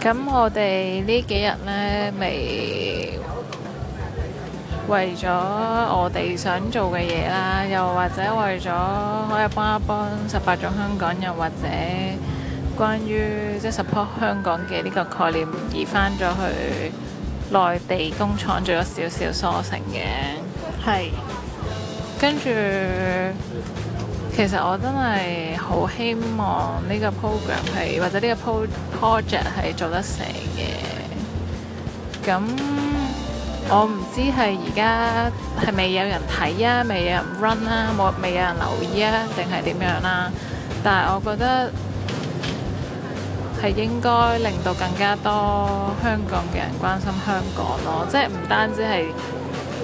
咁我哋呢幾日呢，未為咗我哋想做嘅嘢啦，又或者為咗可以幫一幫十八種香港人，或者關於即係 support 香港嘅呢個概念，而返咗去內地工廠做咗少少梳成嘅，係是跟住。其實我真係好希望呢個 program 係或者呢個 project 係做得成嘅。咁我唔知係而家係咪有人睇啊，未有人 run 啊，冇未，未有人留意啊，定係點樣啦，啊？但係我覺得係應該令到更加多香港嘅人關心香港咯，即係唔單止係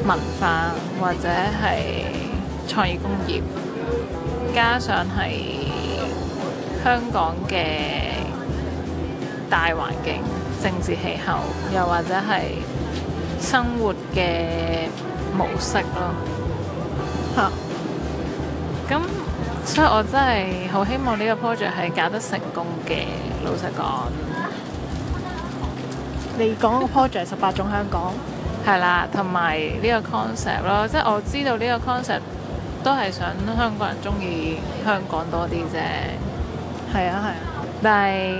文化或者係創意工業。加上係香港嘅大環境、政治氣候，又或者係生活嘅模式咯。咁哈，所以我真係好希望呢個 project 係搞得成功嘅。老實講，你講個 project 十八種香港係啦，同埋呢個 concept 咯，即係我知道呢個 concept。都係想香港人中意香港多啲啫，係啊係啊，但係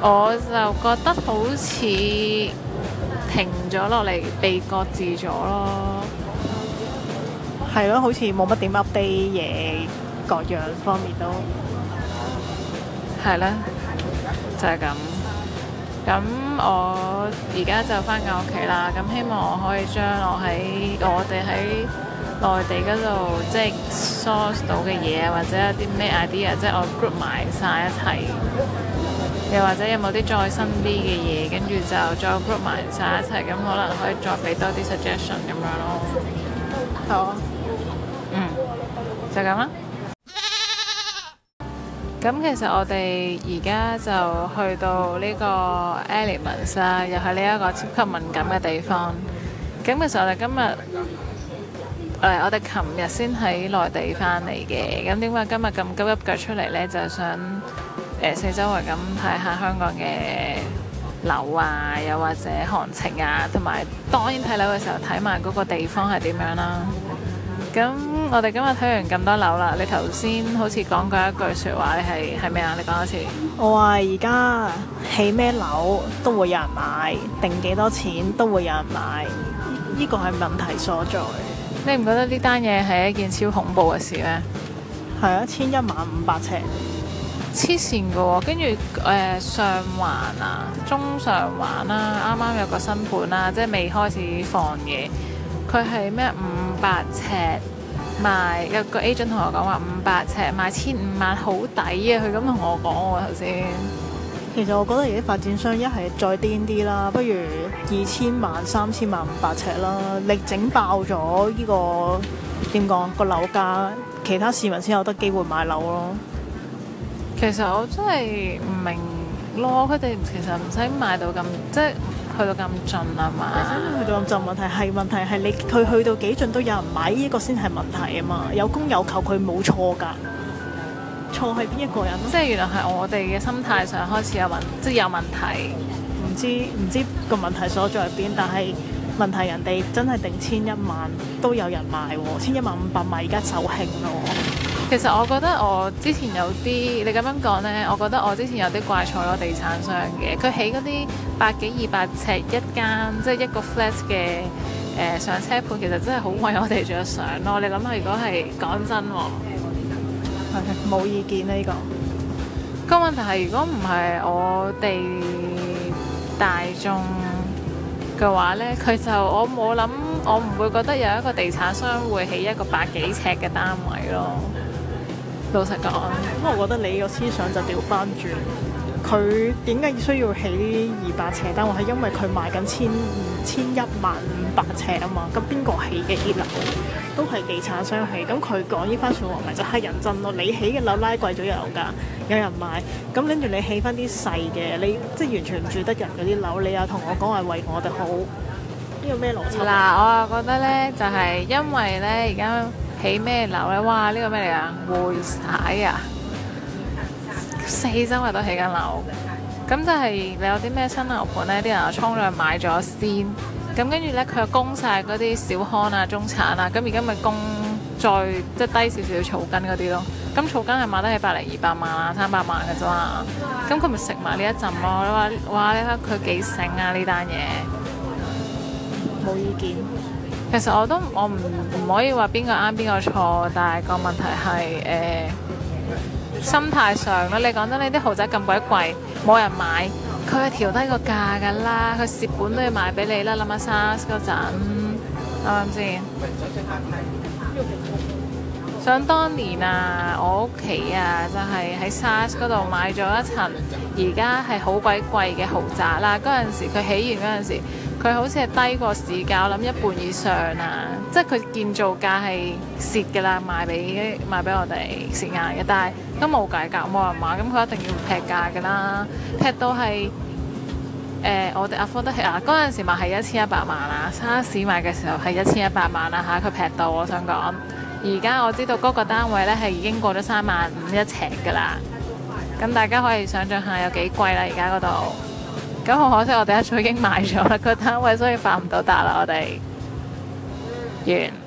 我就覺得好似停咗落嚟，被擱置咗咯，係咯，好似冇乜點 update 嘢，各樣方面都係啦，啊，就係、是、咁。咁我而家就返緊屋企啦，咁希望我可以將我喺我哋喺。內地嗰度即係 source 到嘅嘢啊，或者一啲咩 idea，即係我 group 埋晒一齊，又或者有冇啲再新啲嘅嘢，跟住就再 group 埋晒一齊，咁可能可以再俾多啲 suggestion 咁樣咯。好啊。嗯。就咁啦。咁其實我哋而家就去到呢個 elements 啦，又係呢一個超級敏感嘅地方。咁其實我哋今日我哋琴日先喺內地返嚟嘅，咁點解今日咁急急腳出嚟呢，就想、呃、四周圍咁睇下香港嘅樓啊，又或者行情啊，同埋當然睇樓嘅時候睇埋嗰個地方係點樣啦、啊。咁我哋今日睇完咁多樓啦，你頭先好似講過一句説話，你係係咩啊？你講多次。我話而家起咩樓都會有人買，定幾多錢都會有人買，呢、呢個係問題所在。你唔覺得呢單嘢係一件超恐怖嘅事咩？係啊，千一萬五百尺，黐線㗎喎。跟住誒上環啊，中上環啦、啊，啱啱有個新盤啦、啊，即係未開始放嘢，佢係咩五百尺賣有個 agent 同我講話五百尺賣千五萬好抵啊！佢咁同我講喎頭先。其實我覺得而家發展商癲一係再癲啲啦，不如二千萬、三千萬五百尺啦，力整爆咗呢，這個點講，這個樓價，其他市民先有得機會買樓咯。其實我真係唔明咯，佢哋其實唔使買到咁，即係去到咁盡啊嘛。去到咁盡，問題係問題係你，佢去到幾盡都有人買呢，這個先係問題啊嘛，有供有求佢冇錯㗎。錯係邊一個人？即係原來係我哋嘅心態上開始有問題，即係有問題，唔知唔知個問題所在喺邊。但係問題，人哋真係定千一萬都有人買喎，千一萬五百萬而家售罄咯。其實我覺得我之前有啲，你咁樣講呢，我覺得我之前有啲怪錯咗地產商嘅。佢起嗰啲百幾二百尺一間，即係一個 flat 嘅誒上車盤，其實真係好為我哋着想咯。你諗下，如果係講真喎。冇意見，呢個個問題係，如果唔係我哋大眾嘅話呢，佢就我冇諗，我唔會覺得有一個地產商會起一個百幾尺嘅單位咯。老實講，我覺得你個思想就掉返轉。佢點解需要起二百尺單位？係因為佢賣緊千二千一萬。白尺啊嘛，咁邊個起嘅啲樓都係地產商起。咁佢講呢番說話，咪就係人真咯。你起嘅樓拉貴咗，有噶有人買。咁諗住你起翻啲細嘅，你即係完全唔住得人嗰啲樓，你又同我講話為我哋好，呢個咩邏輯啊？我啊覺得咧就係、是、因為咧而家起咩樓咧，哇！呢個咩嚟啊？會曬啊！四周圍都起緊樓，咁就係、是、你有啲咩新樓盤咧？啲人啊，衝量買咗先。咁跟住呢，佢又供晒嗰啲小康啊、中產啊，咁而家咪供再即係低少少草根嗰啲咯。咁草根係買得起百零二百萬、啊、三百萬嘅啫嘛。咁佢咪食埋呢一陣咯、啊。你話哇，你睇佢幾醒啊呢單嘢。冇意見。其實我都我唔唔可以話邊個啱邊個錯，但係個問題係誒、呃、心態上咧。你講真，你啲豪宅咁鬼貴，冇人買。佢係調低個價㗎啦，佢蝕本都要賣俾你啦。諗下沙士嗰陣，我知。想當年啊，我屋企啊，就係喺沙士嗰度買咗一層，而家係好鬼貴嘅豪宅啦。嗰陣時佢起完嗰陣時，佢好似係低過市價，我諗一半以上啊！即係佢建造價係蝕㗎啦，賣俾賣俾我哋蝕硬嘅，但係。都冇價格冇人買，咁佢一定要劈價㗎啦，劈到係誒、呃、我哋 afford 到啊，嗰陣時買係一千一百萬, 1, 萬啊，沙士買嘅時候係一千一百萬啊吓，佢劈到我想講，而家我知道嗰個單位呢係已經過咗三萬五一尺㗎啦，咁大家可以想像下有幾貴啦而家嗰度，咁好可惜我哋一早已經買咗啦，個單位所以發唔到達啦我哋，完。